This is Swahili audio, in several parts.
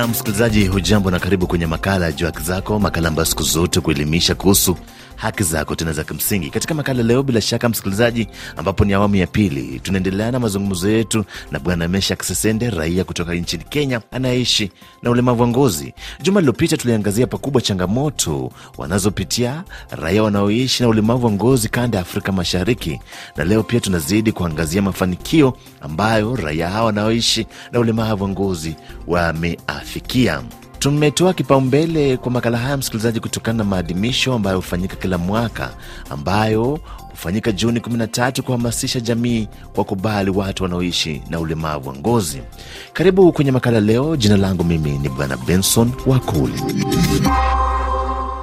Na msikilizaji, hujambo na karibu kwenye makala ya juu Haki Zako, makala ambayo siku zote kuelimisha kuhusu haki zako tena za kimsingi. Katika makala leo, bila shaka msikilizaji, ambapo ni awamu ya pili, tunaendelea na mazungumzo yetu na Bwana Meshak Sesende, raia kutoka nchini Kenya anayeishi na ulemavu wa ngozi. Juma lililopita tuliangazia pakubwa changamoto wanazopitia raia wanaoishi na ulemavu wa ngozi kanda ya Afrika Mashariki, na leo pia tunazidi kuangazia mafanikio ambayo raia hawa wanaoishi na ulemavu wa ngozi wameafikia kufikia. Tumetoa kipaumbele kwa makala haya msikilizaji, kutokana na maadhimisho ambayo hufanyika kila mwaka ambayo hufanyika Juni 13 kuhamasisha jamii kwa kubali watu wanaoishi na ulemavu wa ngozi. Karibu kwenye makala leo. Jina langu mimi ni Bwana Benson Wakuli.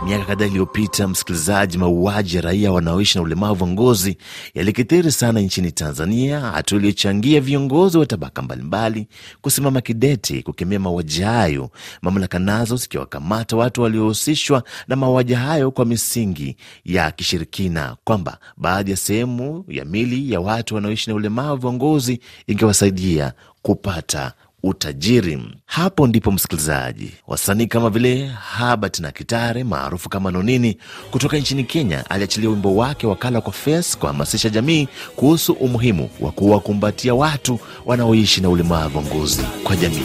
Miaka kadhaa iliyopita, msikilizaji, mauaji ya raia wanaoishi na ulemavu wa ngozi yalikithiri sana nchini Tanzania, hatua iliyochangia viongozi wa tabaka mbalimbali kusimama kidete kukemea mauaji hayo, mamlaka nazo zikiwakamata watu waliohusishwa na mauaji hayo kwa misingi ya kishirikina, kwamba baadhi ya sehemu ya mili ya watu wanaoishi na ulemavu wa ngozi ingewasaidia kupata utajiri. Hapo ndipo msikilizaji, wasanii kama vile habat na Kitare maarufu kama Nonini kutoka nchini Kenya aliachilia wimbo wake wakala kwa fes kuhamasisha jamii kuhusu umuhimu wa kuwakumbatia watu wanaoishi na ulemavu wa ngozi kwa jamii.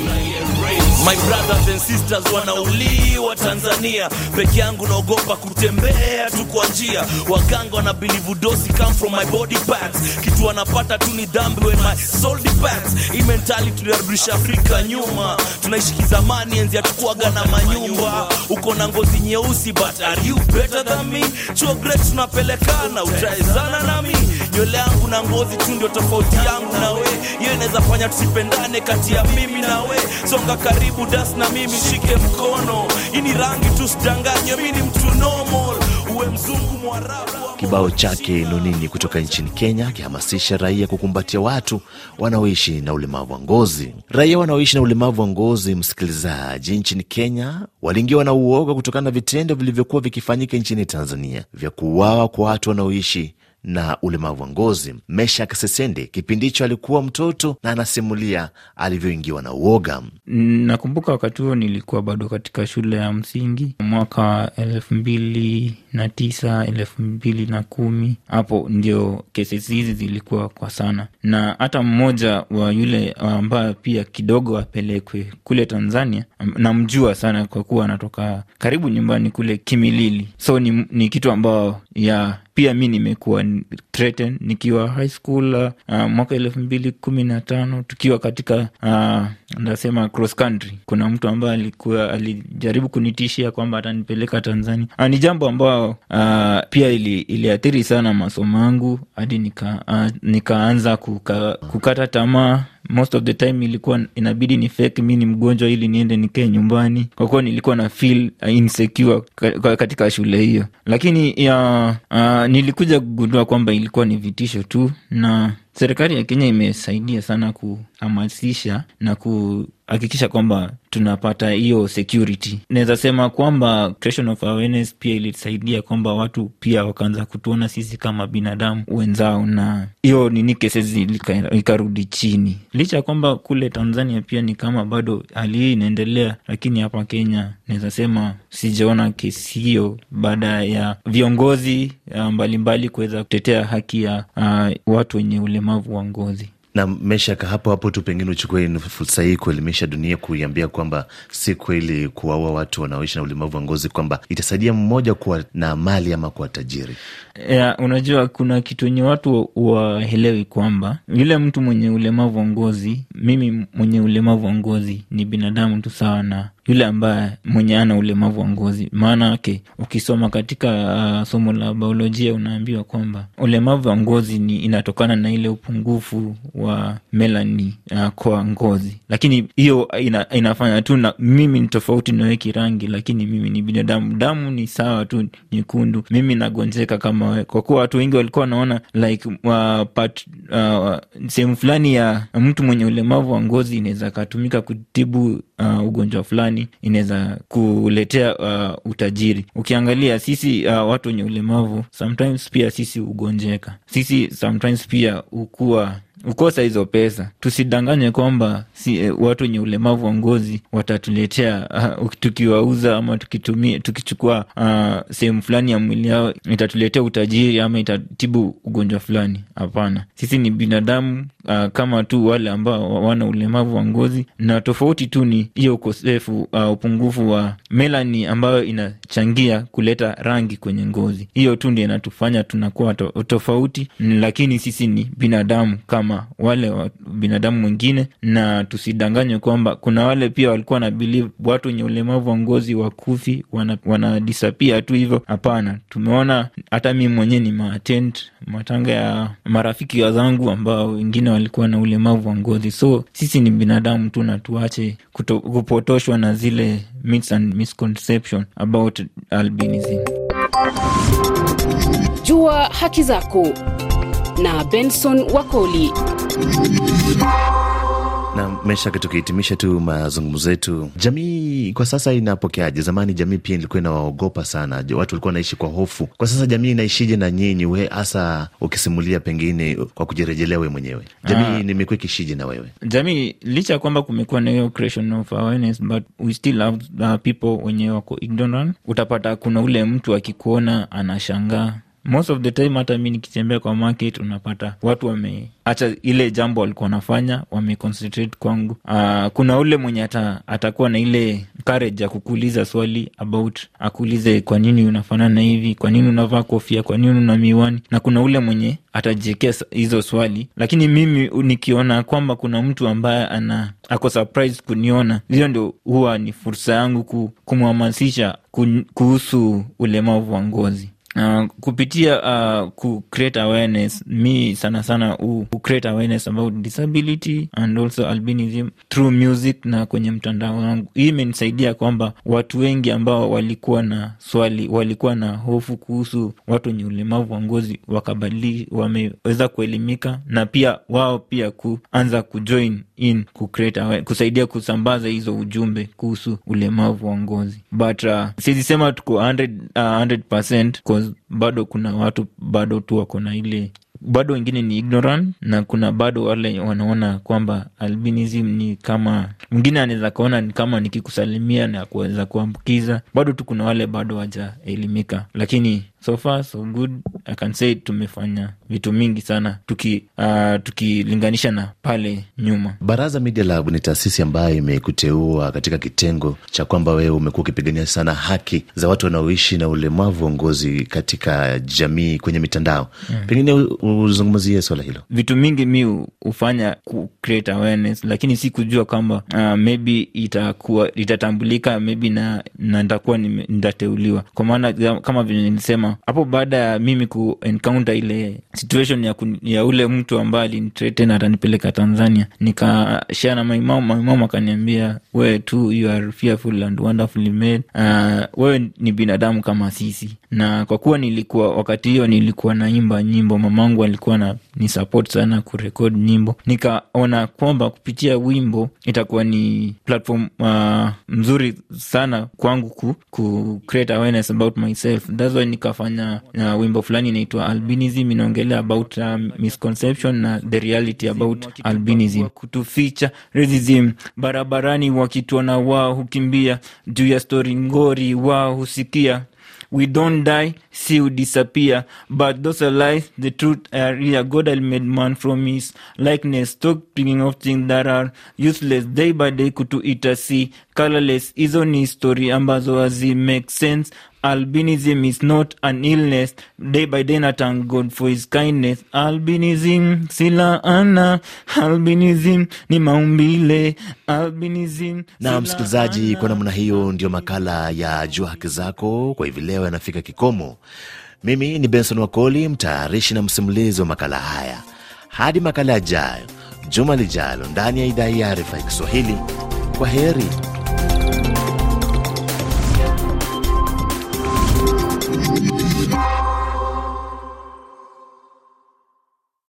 My brothers and sisters wanauliwa Tanzania, peke yangu naogopa kutembea tu kwa njia. Waganga wana believe dosi come from my body parts, kitu wanapata tu ni dhambi when my soul departs. Hii mentali tuliarudisha Afrika nyuma, tunaishi kizamani, enzi hatukuaga na manyumba. Uko na ngozi nyeusi but are you better than me? Chuo great tunapelekana, utaezana nami, nywele yangu na ngozi tu ndio tofauti yangu na we naweza fanya tusipendane kati ya mimi na we. Songa karibu das na mimi, shike mkono, ini rangi tusidanganye, mi ni mtu normal, uwe mzungu mwarabu Kibao chake Nonini kutoka nchini Kenya akihamasisha raia kukumbatia watu wanaoishi na ulemavu wa ngozi. Raia wanaoishi na ulemavu wa ngozi, msikilizaji, nchini Kenya waliingiwa na uoga kutokana na vitendo vilivyokuwa vikifanyika nchini Tanzania vya kuuawa kwa watu wanaoishi na ulemavu wa ngozi. Meshak Sesende kipindi hicho alikuwa mtoto na anasimulia alivyoingiwa na uoga. Nakumbuka wakati huo nilikuwa bado katika shule ya msingi mwaka elfu mbili na tisa elfu mbili na kumi hapo ndio kesesi hizi zilikuwa kwa sana, na hata mmoja wa yule ambayo pia kidogo apelekwe kule Tanzania namjua sana kwa kuwa anatoka karibu nyumbani kule Kimilili, so ni, ni kitu ambayo ya pia mi nimekuwa threatened nikiwa high school uh, uh, mwaka elfu mbili kumi na tano tukiwa katika uh, nasema cross country, kuna mtu ambaye alikuwa alijaribu kunitishia kwamba atanipeleka Tanzania. Uh, ni jambo ambayo uh, pia ili, iliathiri sana masomo yangu hadi nikaanza uh, nikaanza kuka, kukata tamaa most of the time ilikuwa inabidi ni fake mi ni mgonjwa ili niende nikae nyumbani kwa kuwa nilikuwa na feel uh, insecure katika shule hiyo lakini ya, uh, uh, nilikuja kugundua kwamba ilikuwa ni vitisho tu na Serikali ya Kenya imesaidia sana kuhamasisha na kuhakikisha kwamba tunapata hiyo security. Naweza sema kwamba creation of awareness pia ilisaidia kwamba watu pia wakaanza kutuona sisi kama binadamu wenzao, na hiyo nini cases ikarudi chini, licha ya kwamba kule Tanzania pia ni kama bado hali hii inaendelea, lakini hapa Kenya naweza sema sijaona kesi hiyo, baada ya viongozi ah, mbalimbali kuweza kutetea haki ya uh, watu wenye ule ulemavu wa ngozi na meshaka hapo hapo tu pengine uchukue fursa hii kuelimisha dunia, kuiambia kwamba si kweli kuwaua watu wanaoishi na ulemavu wa ngozi, kwamba itasaidia mmoja kuwa na mali ama kuwa tajiri. Ya, unajua kuna kitu wenye watu waelewi kwamba yule mtu mwenye ulemavu wa ngozi, mimi mwenye ulemavu wa ngozi ni binadamu tu sawa na yule ambaye mwenye ana ulemavu wa ngozi. Maana yake ukisoma katika uh, somo la biolojia unaambiwa kwamba ulemavu wa ngozi ni inatokana na ile upungufu wa melani uh, kwa ngozi, lakini hiyo ina, inafanya tu na mimi ni tofauti naweki rangi, lakini mimi ni binadamu, damu ni sawa tu nyekundu, mimi nagonjeka kama we. Kwa kuwa watu wengi walikuwa wanaona like uh, uh, uh, sehemu fulani ya mtu mwenye ulemavu wa ngozi inaweza katumika kutibu uh, ugonjwa fulani fulani inaweza kuletea uh, utajiri. Ukiangalia sisi uh, watu wenye ulemavu sometimes pia sisi hugonjeka, sisi sometimes pia hukuwa kukosa hizo pesa. Tusidanganye kwamba si, eh, watu wenye ulemavu wa ngozi watatuletea uh, tukiwauza ama tukitumia, tukichukua uh, sehemu fulani ya mwili yao itatuletea utajiri ama itatibu ugonjwa fulani. Hapana, sisi ni binadamu uh, kama tu wale ambao wana ulemavu wa ngozi, na tofauti tu ni hiyo ukosefu uh, upungufu wa melani ambayo inachangia kuleta rangi kwenye ngozi. Hiyo tu ndio inatufanya tunakuwa to, tofauti, lakini sisi ni binadamu kama kama wale binadamu mwingine, na tusidanganywe kwamba kuna wale pia walikuwa na bilivu watu wenye ulemavu wa ngozi wakufi wanadisapia wana tu hivyo. Hapana, tumeona hata mi mwenyewe ni maatent matanga ya marafiki wazangu ambao wengine walikuwa na ulemavu wa ngozi. So sisi ni binadamu tu, na tuache kupotoshwa na zile myths and misconception about albinism. Jua haki zako na Benson Wakoli. Na Meshak, tukihitimisha tu mazungumzo yetu, jamii kwa sasa inapokeaje? Zamani jamii pia ilikuwa inawaogopa sana, watu walikuwa wanaishi kwa hofu. Kwa sasa jamii inaishije na nyinyi, we hasa ukisimulia pengine kwa kujirejelea we mwenyewe, jamii ah. nimekuwa ikishije na wewe? Jamii licha ya kwamba kumekuwa na hiyo creation of awareness, but we still have people wako ignorant. Utapata kuna ule mtu akikuona anashangaa most of the time hata mi nikitembea kwa market unapata watu wameacha ile jambo walikuwa wanafanya wameconcentrate kwangu. Uh, kuna ule mwenye atakuwa na ile courage ya kukuuliza swali about akuulize kwa nini unafanana hivi, kwa nini unavaa kofia, kwa nini una miwani, na kuna ule mwenye atajiekea hizo swali. Lakini mimi nikiona kwamba kuna mtu ambaye ana ako surprise kuniona, hiyo ndio huwa ni fursa yangu kumhamasisha kuhusu ulemavu wa ngozi. Uh, kupitia uh, ku create awareness mi sana sana u, create awareness about disability and also albinism through music na kwenye mtandao wangu. Hii imenisaidia kwamba watu wengi ambao walikuwa na swali, walikuwa na hofu kuhusu watu wenye ulemavu wa ngozi wakabadili, wameweza kuelimika na pia wao pia kuanza kujoin in ku create awareness, kusaidia kusambaza hizo ujumbe kuhusu ulemavu wa ngozi but uh, sizisema tuko 100, uh, 100% bado kuna watu bado tu wako na ile bado wengine ni ignorant na kuna bado wale wanaona kwamba albinism ni kama mwingine anaweza kaona ni kama nikikusalimia na kuweza kuambukiza. Bado tu kuna wale bado wajaelimika, lakini so far so good i can say tumefanya vitu mingi sana tuki uh, tukilinganisha na pale nyuma baraza media lab ni taasisi ambayo imekuteua katika kitengo cha kwamba wewe umekuwa ukipigania sana haki za watu wanaoishi na ulemavu wa ngozi katika jamii kwenye mitandao hmm. pengine uzungumzie swala hilo vitu mingi mi hufanya ku create awareness lakini si kujua kwamba uh, maybe itakuwa itatambulika maybe na, na nitakuwa nitateuliwa kwa maana kama vile nilisema hapo baada ya mimi ku encounter ile situation ya, kun, ya ule mtu ambaye na atanipeleka Tanzania, nikashare na maimam, maimam akaniambia wewe tu you are fearful and wonderfully made. Uh, wewe ni binadamu kama sisi, na kwa kuwa nilikuwa wakati hiyo nilikuwa naimba nyimbo, mamangu alikuwa na ni support sana kurekod nyimbo, nikaona kwamba kupitia wimbo itakuwa ni platform uh, mzuri sana kwangu ku, ku create awareness about myself that's why nafanya na wimbo fulani inaitwa albinism inaongelea about uh, misconception na the reality about albinism kutuficha racism barabarani wakituona wao hukimbia juu ya stori ngori wao husikia we don't die see you disappear but those are lies the truth are here god had made man from his likeness stop thinking of things that are useless day by day kutuita see colorless hizo ni story ambazo hazi make sense albinism is not an illness day by day na god for his kindness albinism sila ana albinism ni maumbile albinism na msikilizaji kwa namna hiyo ndio makala ya jua haki zako kwa hivi leo yanafika kikomo mimi ni benson wakoli mtayarishi na msimulizi wa makala haya hadi makala yajayo juma lijalo ndani ya idhaa ya arifa ya kiswahili kwa heri